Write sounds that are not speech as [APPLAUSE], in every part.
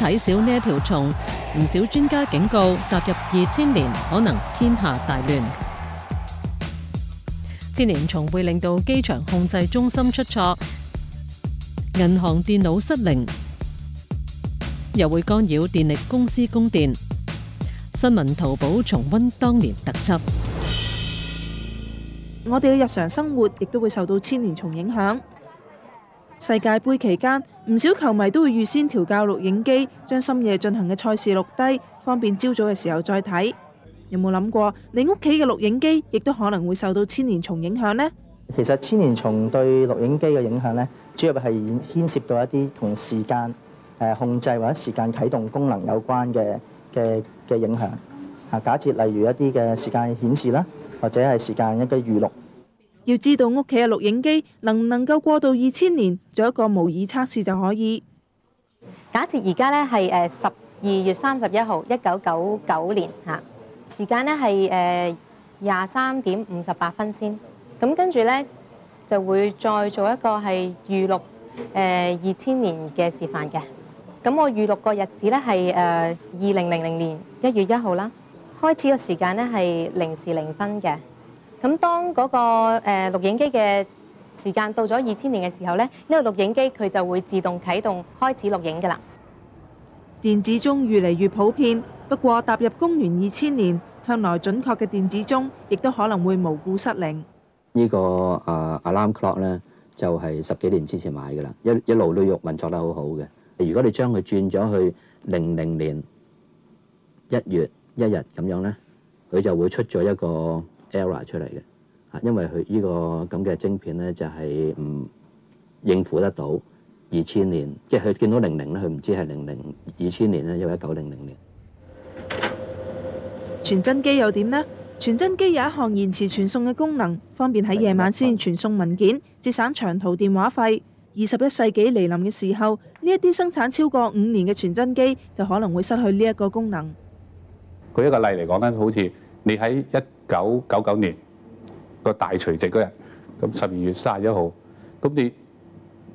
睇小呢一條蟲，唔少專家警告，踏入二千年可能天下大亂。千年蟲會令到機場控制中心出錯，銀行電腦失靈，又會干擾電力公司供電。新聞掏寶重溫當年特輯，我哋嘅日常生活亦都會受到千年蟲影響。世界盃期間，唔少球迷都會預先調校錄影機，將深夜進行嘅賽事錄低，方便朝早嘅時候再睇。有冇諗過你屋企嘅錄影機亦都可能會受到千年蟲影響呢？其實千年蟲對錄影機嘅影響呢，主要係牽涉到一啲同時間誒控制或者時間啟動功能有關嘅嘅嘅影響。啊，假設例如一啲嘅時間顯示啦，或者係時間一個預錄。要知道屋企嘅錄影機能唔能夠過到二千年，做一個模擬測試就可以假設現在是。假設而家咧，係誒十二月三十一號一九九九年吓，時間咧，係誒廿三點五十八分先。咁跟住咧，就會再做一個係預錄誒二千年嘅示範嘅。咁我預錄個日子咧，係誒二零零零年一月一號啦。開始嘅時間咧，係零時零分嘅。咁當嗰個誒錄影機嘅時間到咗二千年嘅時候咧，因為錄影機佢就會自動啟動開始錄影㗎啦。電子鐘愈嚟愈普遍，不過踏入公元二千年，向來準確嘅電子鐘亦都可能會無故失靈。呢個啊 alarm clock 咧，就係十幾年之前買㗎啦，一一路都運作得好好嘅。如果你將佢轉咗去零零年一月一日咁樣咧，佢就會出咗一個。error 出嚟嘅，啊，因為佢呢個咁嘅晶片咧，就係唔應付得到二千年，即係佢見到零零咧，佢唔知係零零二千年咧，因為一九零零年。傳真機又點咧？傳真機有一項延遲傳送嘅功能，方便喺夜晚先傳送文件，節省長途電話費。二十一世紀嚟臨嘅時候，呢一啲生產超過五年嘅傳真機就可能會失去呢一個功能。舉一個例嚟講咧，好似。你喺一九九九年個大除夕嗰日，咁十二月卅一號，咁你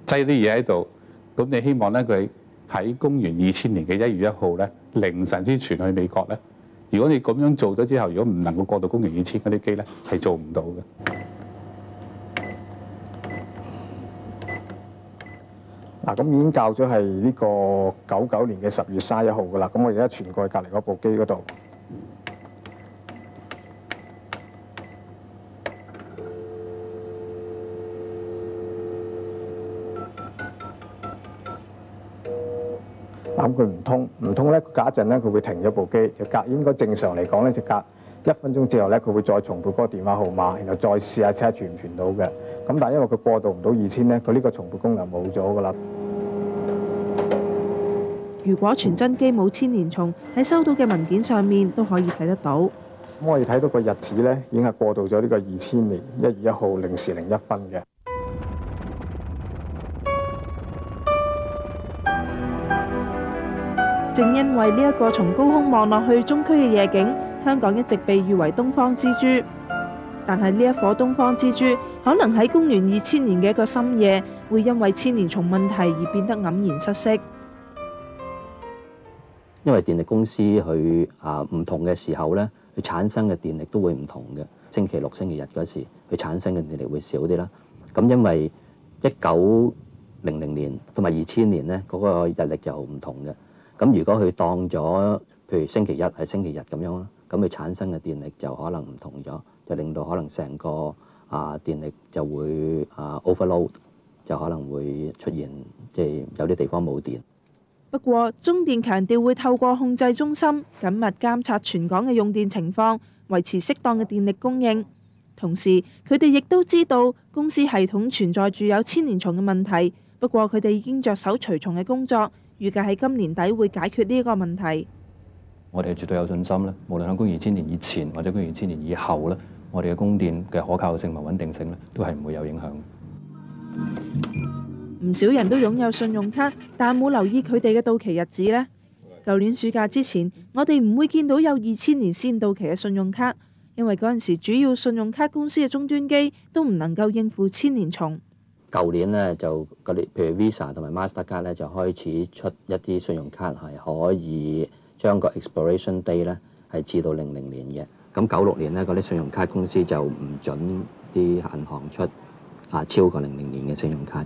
擠啲嘢喺度，咁你希望咧佢喺公元二千年嘅一月一號咧凌晨先傳去美國咧？如果你咁樣做咗之後，如果唔能夠過到公元二千嗰啲機咧，係做唔到嘅。嗱，咁已經校咗係呢個九九年嘅十二月卅一號噶啦，咁我而家傳過去隔離嗰部機嗰度。諗佢唔通，唔通咧，隔一陣咧，佢會停咗部機，就隔應該正常嚟講咧，就隔一分鐘之後咧，佢會再重撥嗰個電話號碼，然後再試下睇下傳唔傳到嘅。咁但係因為佢過渡唔到二千咧，佢呢個重撥功能冇咗㗎啦。如果傳真機冇千年蟲，喺收到嘅文件上面都可以睇得到。咁我哋睇到個日子咧，已經係過渡咗呢個二千年一月一號零時零一分嘅。正因為呢一個從高空望落去中區嘅夜景，香港一直被譽為東方之珠。但係呢一顆東方之珠可能喺公元二千年嘅一個深夜，會因為千年蟲問題而變得黯然失色。因為電力公司佢啊唔同嘅時候咧，佢產生嘅電力都會唔同嘅。星期六、星期日嗰時，佢產生嘅電力會少啲啦。咁因為一九零零年同埋二千年呢，嗰、嗰個日曆就唔同嘅。咁如果佢當咗，譬如星期一係星期日咁樣啦，咁佢產生嘅電力就可能唔同咗，就令到可能成個啊電力就會啊 overload，就可能會出現即係、就是、有啲地方冇電。不過中電強調會透過控制中心緊密監察全港嘅用電情況，維持適當嘅電力供應。同時佢哋亦都知道公司系統存在住有千年蟲嘅問題，不過佢哋已經着手除蟲嘅工作。預計喺今年底會解決呢個問題。我哋係絕對有信心啦，無論喺公元二千年以前或者公元二千年以後咧，我哋嘅供電嘅可靠性同穩定性咧，都係唔會有影響。唔少人都擁有信用卡，但冇留意佢哋嘅到期日子呢。舊年暑假之前，我哋唔會見到有二千年先到期嘅信用卡，因為嗰陣時主要信用卡公司嘅終端機都唔能夠應付千年蟲。舊年咧就嗰啲，譬如 Visa 同埋 MasterCard 咧就開始出一啲信用卡係可以將個 expiration day 咧係至到零零年嘅。咁九六年咧，嗰啲信用卡公司就唔準啲銀行出啊超過零零年嘅信用卡嘅。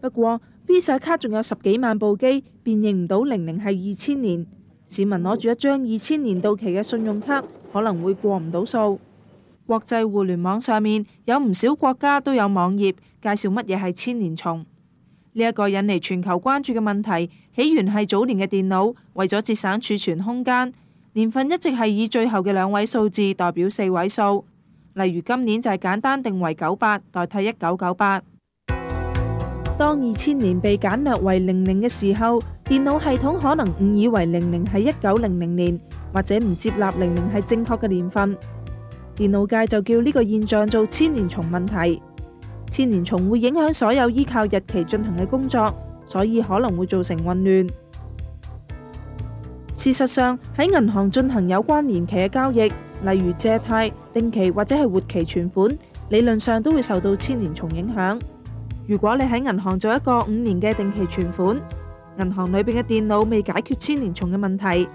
不過 Visa 卡仲有十幾萬部機辨認唔到零零係二千年，市民攞住一張二千年到期嘅信用卡可能會過唔到數。國際互聯網上面有唔少國家都有網頁介紹乜嘢係千年蟲呢一個引嚟全球關注嘅問題。起源係早年嘅電腦為咗節省儲存空間，年份一直係以最後嘅兩位數字代表四位數，例如今年就係簡單定為九八代替一九九八。當二千年被簡略為零零嘅時候，電腦系統可能誤以為零零係一九零零年，或者唔接納零零係正確嘅年份。電腦界就叫呢個現象做千年蟲問題。千年蟲會影響所有依靠日期進行嘅工作，所以可能會造成混亂。事實上，喺銀行進行有關年期嘅交易，例如借貸、定期或者係活期存款，理論上都會受到千年蟲影響。如果你喺銀行做一個五年嘅定期存款，銀行裏邊嘅電腦未解決千年蟲嘅問題。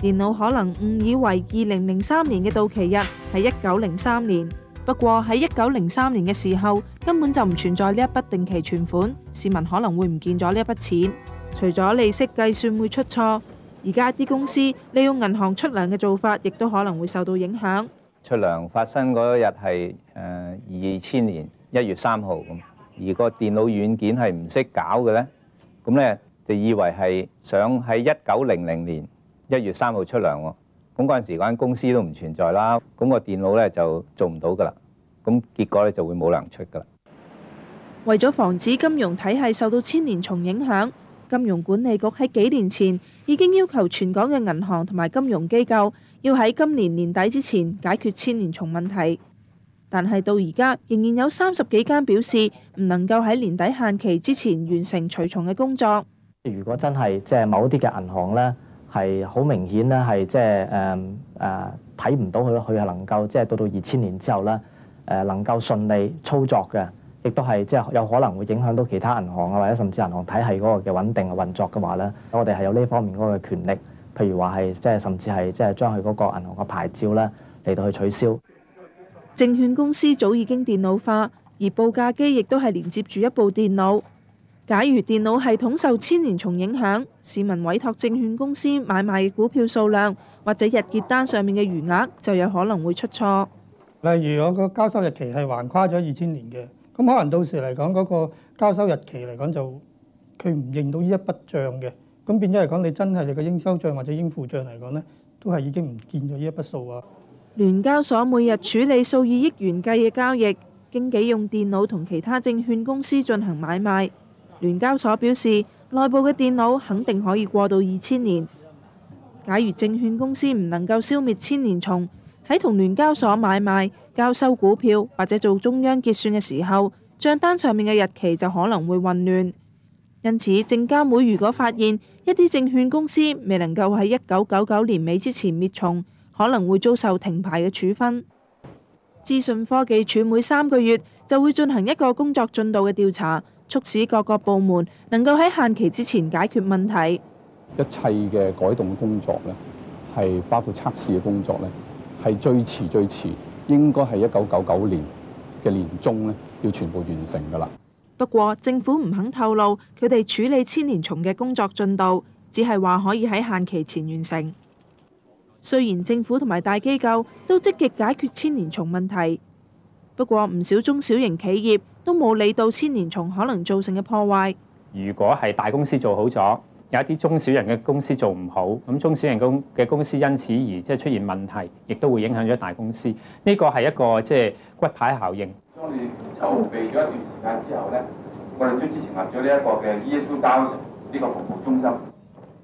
電腦可能誤以為二零零三年嘅到期日係一九零三年，不過喺一九零三年嘅時候根本就唔存在呢一筆定期存款，市民可能會唔見咗呢一筆錢。除咗利息計算會出錯，而家啲公司利用銀行出糧嘅做法，亦都可能會受到影響。出糧發生嗰日係誒二千年一月三號咁，而個電腦軟件係唔識搞嘅呢，咁呢就以為係想喺一九零零年。一月三號出糧喎，咁嗰陣時嗰間公司都唔存在啦，咁個電腦咧就做唔到噶啦，咁結果咧就會冇糧出噶啦。為咗防止金融體系受到千年蟲影響，金融管理局喺幾年前已經要求全港嘅銀行同埋金融機構要喺今年年底之前解決千年蟲問題，但係到而家仍然有三十幾間表示唔能夠喺年底限期之前完成除蟲嘅工作。如果真係即係某啲嘅銀行咧？係好明顯咧，就是，係即係誒誒睇唔到佢。佢係能夠即係到到二千年之後咧，誒能夠順利操作嘅，亦都係即係有可能會影響到其他銀行啊，或者甚至銀行體系嗰個嘅穩定嘅運作嘅話咧，我哋係有呢方面嗰個權力，譬如話係即係甚至係即係將佢嗰個銀行嘅牌照咧嚟到去取消。證券公司早已經電腦化，而報價機亦都係連接住一部電腦。假如電腦系統受千年蟲影響，市民委託證券公司買賣股票數量或者日結單上面嘅餘額就有可能會出錯。例如，我個交收日期係橫跨咗二千年嘅，咁可能到時嚟講嗰個交收日期嚟講就佢唔認到呢一筆帳嘅，咁變咗嚟講，你真係你嘅應收賬或者應付賬嚟講呢都係已經唔見咗呢一筆數啊。聯交所每日處理數以億元計嘅交易，經紀用電腦同其他證券公司進行買賣。聯交所表示，內部嘅電腦肯定可以過到二千年。假如證券公司唔能夠消滅千年蟲，喺同聯交所買賣、交收股票或者做中央結算嘅時候，賬單上面嘅日期就可能會混亂。因此，證監會如果發現一啲證券公司未能夠喺一九九九年尾之前滅蟲，可能會遭受停牌嘅處分。資訊科技處每三個月就會進行一個工作進度嘅調查。促使各個部門能夠喺限期之前解決問題。一切嘅改動工作咧，係包括測試嘅工作咧，係最遲最遲應該係一九九九年嘅年終咧，要全部完成噶啦。不過政府唔肯透露佢哋處理千年蟲嘅工作進度，只係話可以喺限期前完成。雖然政府同埋大機構都積極解決千年蟲問題，不過唔少中小型企業。都冇理到千年蟲可能造成嘅破壞。如果係大公司做好咗，有一啲中小型嘅公司做唔好，咁中小型嘅公司因此而即係出現問題，亦都會影響咗大公司。呢個係一個即係骨牌效應。當你籌備咗一段時間之後咧，我哋將之前立咗呢一個嘅 E.F. 交呢個服務中心。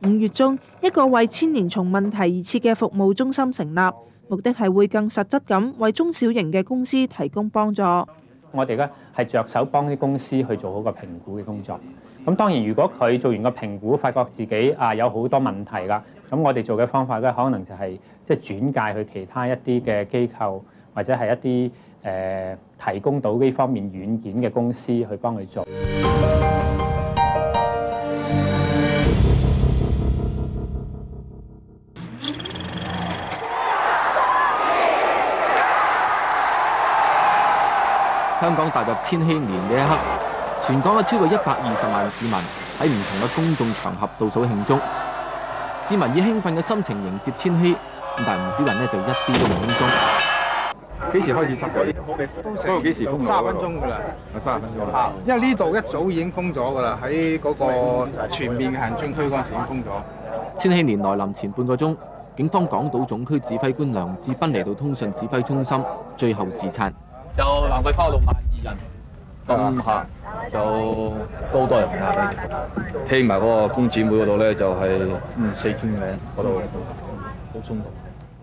五月中，一個為千年蟲問題而設嘅服務中心成立，目的係會更實質咁為中小型嘅公司提供幫助。我哋咧係着手幫啲公司去做好個評估嘅工作。咁當然，如果佢做完個評估，發覺自己啊有好多問題啦，咁我哋做嘅方法咧，可能就係即係轉介去其他一啲嘅機構，或者係一啲誒、呃、提供到呢方面軟件嘅公司去幫佢做。香港踏入千禧年嘅一刻，全港有超過一百二十萬市民喺唔同嘅公眾場合倒數慶祝。市民以興奮嘅心情迎接千禧，但唔少人呢就一啲都唔輕鬆。幾時開始執嘅？都成、那個、三十分鐘㗎啦，三十分鐘啦。嚇，因為呢度一早已經封咗㗎啦，喺嗰個全面嘅行政區嗰陣時已經封咗。千禧年來臨前半個鐘，警方港島總區指揮官梁志斌嚟到通訊指揮中心，最後視察。就南桂花六萬二人，咁、嗯、下、嗯、就都多，多人嘅，埋、嗯、嗰個工展會度咧就係、是、嗯四千名度，好充足。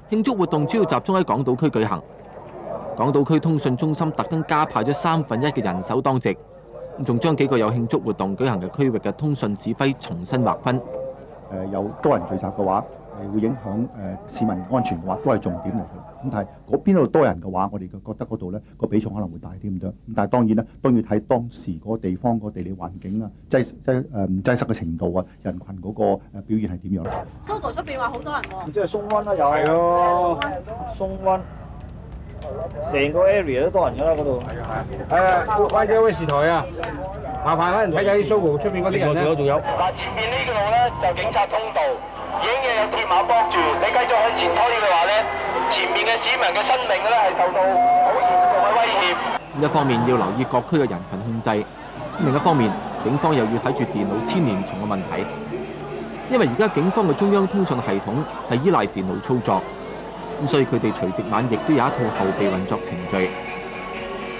慶祝活動主要集中喺港島區舉行，港島區通訊中心特登加派咗三分一嘅人手當值，仲將幾個有慶祝活動舉行嘅區域嘅通訊指揮重新劃分。誒有多人聚集嘅話。係會影響誒市民安全嘅話，都係重點嚟嘅。咁但係嗰邊度多人嘅話，我哋嘅覺得嗰度咧個比重可能會大啲咁多。咁但係當然啦，都要睇當時嗰個地方、個地理環境啊、擠擠誒唔擠塞嘅程度啊、人群嗰個誒表現係點樣。Sogo 出邊話好多人喎、啊，即、就、係、是、松灣啦、啊，又係咯，松灣、啊。成個 area 都多人噶啦，嗰度。係啊係啊。誒，Y J 電視台啊，麻煩揾人睇睇啲 Sogo 出面嗰啲人咧。但前面呢個路咧就警察通道，已經有鐵馬綁住。你繼續向前推嘅句話咧，前面嘅市民嘅生命咧係受到好嚴重嘅威脅。一方面要留意各區嘅人群控制，另一方面警方又要睇住電腦千年蟲嘅問題，因為而家警方嘅中央通訊系統係依賴電腦操作。咁所以佢哋除夕晚亦都有一套後備運作程序。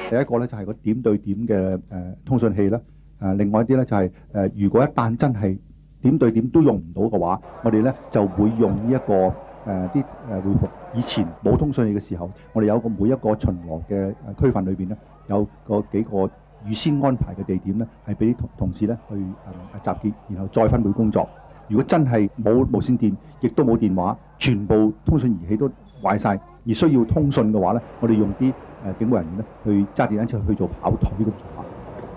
第一個咧就係個點對點嘅誒通訊器啦。誒，另外一啲咧就係誒，如果一旦真係點對點都用唔到嘅話，我哋咧就會用呢一個誒啲誒回覆。以前冇通訊器嘅時候，我哋有個每一個巡邏嘅區份裏邊咧，有個幾個預先安排嘅地點咧，係俾啲同事咧去集結，然後再分配工作。如果真係冇無線電，亦都冇電話，全部通訊儀器都壞晒而需要通訊嘅話咧，我哋用啲誒警務人員咧去揸電單車去做跑腿嘅做法。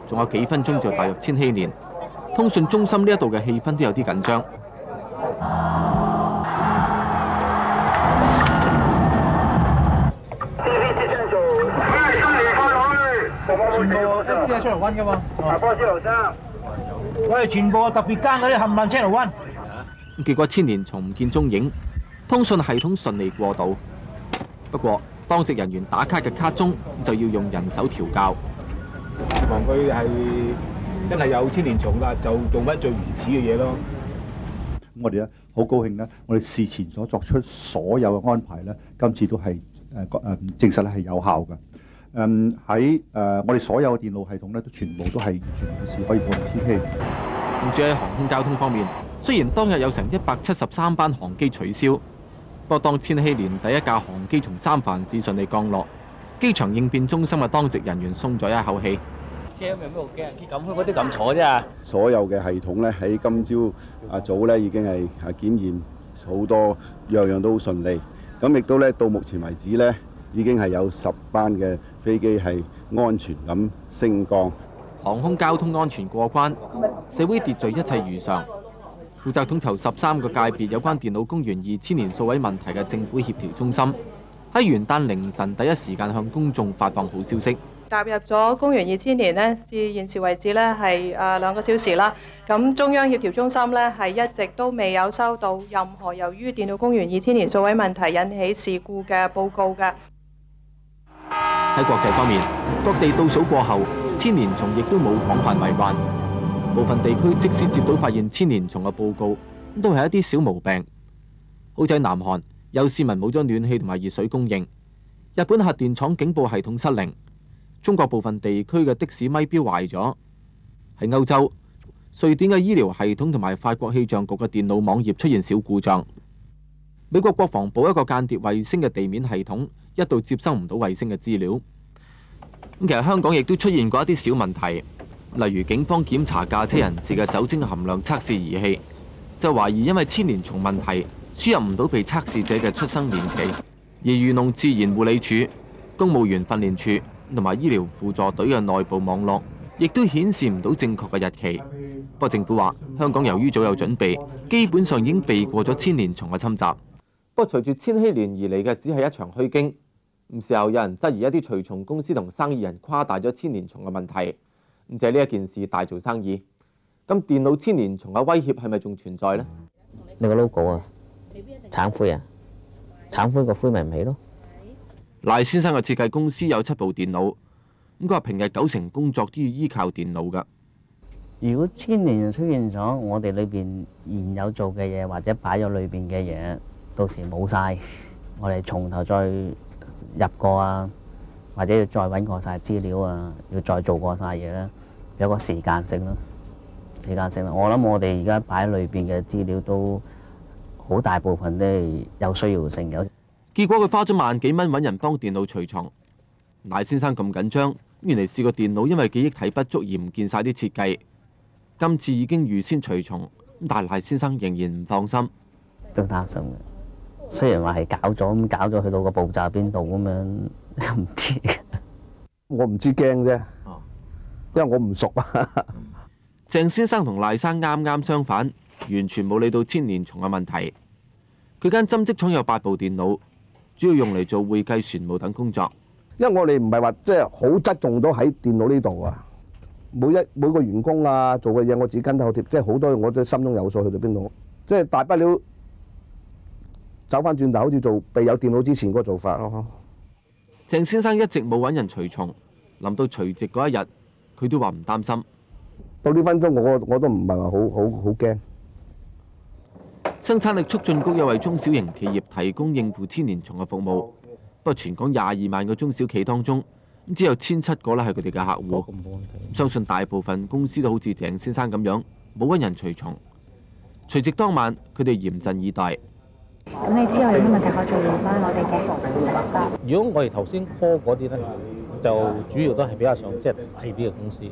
仲有幾分鐘就大約千禧年，通訊中心呢一度嘅氣氛都有啲緊張。D C S 信特別奸嗰啲冚唪唥車頭溫。結果千年蟲唔見蹤影。通信系統順利過渡，不過當值人員打卡嘅卡鐘就要用人手調校。望佢係真係有千年蟲啦，就做返最原始嘅嘢咯。我哋咧好高興呢。我哋事前所作出所有嘅安排呢，今次都係誒誒證實咧係有效嘅。喺誒我哋所有嘅電腦系統呢，都全部都係完全係可以防止欺。咁至於喺航空交通方面，雖然當日有成一百七十三班航機取消。不過，當千禧年第一架航機從三藩市順利降落，機場應變中心嘅當值人員鬆咗一口氣。車入面有咩驚？啲感冒嗰啲咁錯啫。所有嘅系統咧喺今朝阿早咧已經係啊檢驗，好多樣樣都好順利。咁亦都咧到目前為止咧已經係有十班嘅飛機係安全咁升降。航空交通安全過關，社會秩序一切如常。負責統籌十三個界別有關電腦公元二千年數位問題嘅政府協調中心，喺元旦凌晨第一時間向公眾發放好消息。踏入咗公元二千年呢，至現時為止呢係啊兩個小時啦。咁中央協調中心呢，係一直都未有收到任何由於電腦公元二千年數位問題引起事故嘅報告嘅。喺國際方面，各地倒數過後，千年蟲亦都冇廣泛為患。部分地區即使接到發現千年蟲嘅報告，都係一啲小毛病。好似喺南韓有市民冇咗暖氣同埋熱水供應。日本核電廠警報系統失靈。中國部分地區嘅的、的士咪表壞咗。喺歐洲，瑞典嘅醫療系統同埋法國氣象局嘅電腦網頁出現小故障。美國國防部一個間諜衛星嘅地面系統一度接收唔到衛星嘅資料。咁其實香港亦都出現過一啲小問題。例如，警方檢查駕車人士嘅酒精含量測試儀器，就懷疑因為千年蟲問題輸入唔到被測試者嘅出生年期，而漁農自然護理署、公務員訓練處同埋醫療輔助隊嘅內部網絡，亦都顯示唔到正確嘅日期。不過，政府話香港由於早有準備，基本上已經避過咗千年蟲嘅侵襲。不過，隨住千禧年而嚟嘅只係一場虛驚。唔時候有人質疑一啲除蟲公司同生意人誇大咗千年蟲嘅問題。咁就係呢一件事大做生意。咁電腦千年蟲嘅威脅係咪仲存在呢？你、這個 logo 啊，橙灰啊，橙灰個灰咪唔起咯。賴先生嘅設計公司有七部電腦，咁佢話平日九成工作都要依靠電腦噶。如果千年出現咗，我哋裏邊現有做嘅嘢或者擺咗裏邊嘅嘢，到時冇晒，我哋從頭再入過啊。或者要再揾過晒資料啊，要再做過晒嘢啦，有個時間性咯，時間性咯。我諗我哋而家擺喺裏邊嘅資料都好大部分都係有需要性嘅。結果佢花咗萬幾蚊揾人幫電腦除蟲，賴先生咁緊張，原來試過電腦因為記憶體不足而唔見晒啲設計。今次已經預先除蟲，但賴先生仍然唔放心，都擔心嘅。雖然話係搞咗咁，搞咗去到個步驟邊度咁樣。唔知，道我不知道，我唔知驚啫，因為我唔熟啊。鄭 [LAUGHS] 先生同賴生啱啱相反，完全冇理到千年蟲嘅問題。佢間針織廠有八部電腦，主要用嚟做會計、船務等工作。因為我哋唔係話即係好側重到喺電腦呢度啊，每一每個員工啊做嘅嘢，我自己跟得好貼，即係好多嘢我都心中有數，去到邊度，即、就、係、是、大不了走翻轉頭，好似做未有電腦之前個做法咯。鄭先生一直冇揾人除蟲，臨到除夕嗰一日，佢都話唔擔心。到呢分鐘，我我都唔係話好好好驚。生產力促進局又為中小型企業提供應付千年蟲嘅服務，不過全港廿二萬個中小企當中，只有千七個喇係佢哋嘅客戶。相信大部分公司都好似鄭先生咁樣，冇揾人除蟲。除夕當晚，佢哋嚴陣以待。咁你之後有啲問題可以再聯翻我哋嘅。如果我哋頭先 call 嗰啲咧，就主要都係比較上即係大啲嘅公司，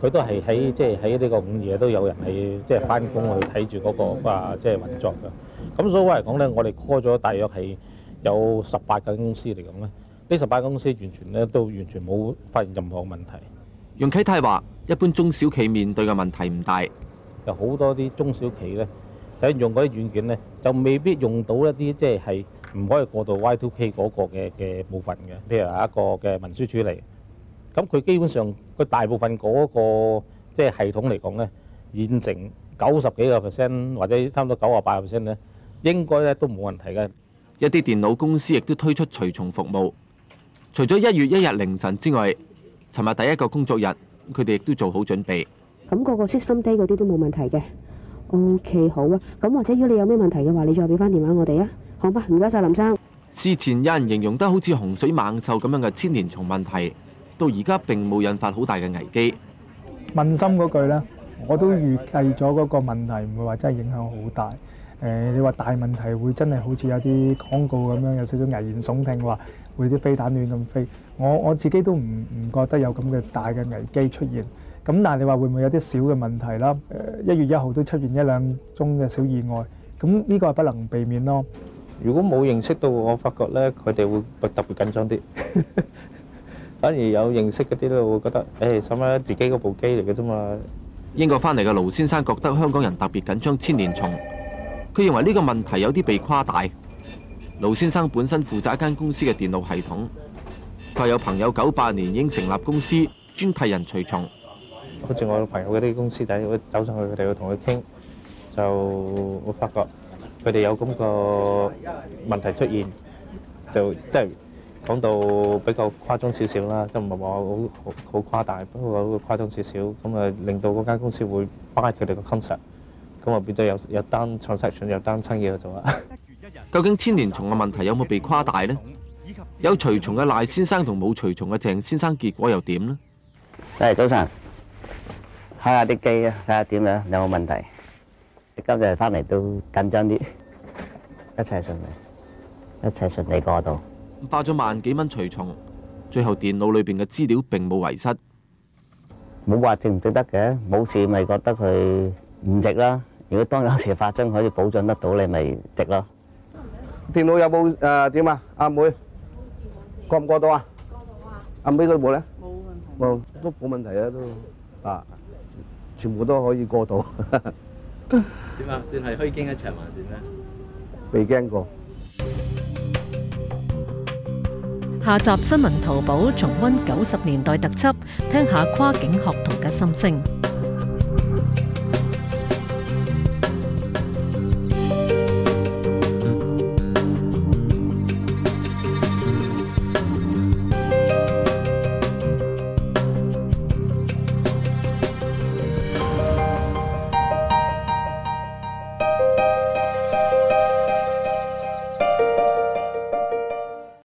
佢都係喺即係喺呢個午夜都有人喺，即係翻工去睇住嗰個啊即係運作㗎。咁所以話嚟講咧，我哋 call 咗大約係有十八間公司嚟講咧，呢十八間公司完全咧都完全冇發現任何問題。容啟泰話：一般中小企面對嘅問題唔大，有好多啲中小企咧，使用嗰啲軟件咧，就未必用到一啲即係唔可以過到 Y2K 嗰個嘅嘅部分嘅，譬如有一個嘅文書處理。咁佢基本上佢大部分嗰個即係系統嚟講咧，完成九十幾個 percent 或者差唔多九啊八 percent 咧，應該咧都冇問題嘅。一啲電腦公司亦都推出除蟲服務。除咗一月一日凌晨之外，尋日第一個工作日，佢哋亦都做好準備。咁個個 system 低嗰啲都冇問題嘅。OK，好啊，咁或者如果你有咩問題嘅話，你再俾翻電話我哋啊，好嘛？唔該晒林生。事前有人形容得好似洪水猛獸咁樣嘅千年蟲問題，到而家並冇引發好大嘅危機。問心嗰句咧，我都預計咗嗰個問題唔會話真係影響好大。誒，你話大問題會真係好似有啲廣告咁樣，有少少危言聳聽話會啲飛彈亂咁飛，我我自己都唔唔覺得有咁嘅大嘅危機出現。咁，但係你話會唔會有啲小嘅問題啦？誒，一月一號都出現一兩宗嘅小意外，咁呢個係不能避免咯。如果冇認識到，我發覺呢，佢哋會特別緊張啲。 [LAUGHS] 反而有認識嗰啲都會覺得誒，使、欸、乜自己嗰部機嚟嘅啫嘛。英國翻嚟嘅盧先生覺得香港人特別緊張千年蟲，佢認為呢個問題有啲被誇大。盧先生本身負責一間公司嘅電腦系統，佢有朋友九八年已經成立公司，專替人除蟲。好似我朋友嗰啲公司仔，走上去，佢哋會同佢傾，就會發覺佢哋有咁個問題出現，就即係講到比較誇張少少啦，即係唔係話好好誇大，不過誇張少少咁啊，令到嗰間公司會 buy 佢哋個 concept，咁啊變咗有有單 transaction 有單生意去做啦。 [LAUGHS] 究竟千年蟲嘅問題有冇被誇大咧？有除蟲嘅賴先生同冇除蟲嘅鄭先生，結果又點咧？係早晨。睇下啲機啊，睇下點樣有冇問題？今日翻嚟都緊張啲，一切順利，一切順利過渡。花咗萬幾蚊除蟲，最後電腦裏邊嘅資料並冇遺失。冇話值唔值得嘅，冇事咪覺得佢唔值啦。如果當有事發生，可以保障得到你咪值咯。電腦有冇誒點啊？阿妹，過唔過到啊？過到啊！阿妹嗰部咧？冇問題。冇都冇問題啊都啊。全部都可以過到，點啊？算係虛驚一場還是咩？未驚過。下集新聞掏寶重溫九十年代特輯，聽下跨境學童嘅心聲。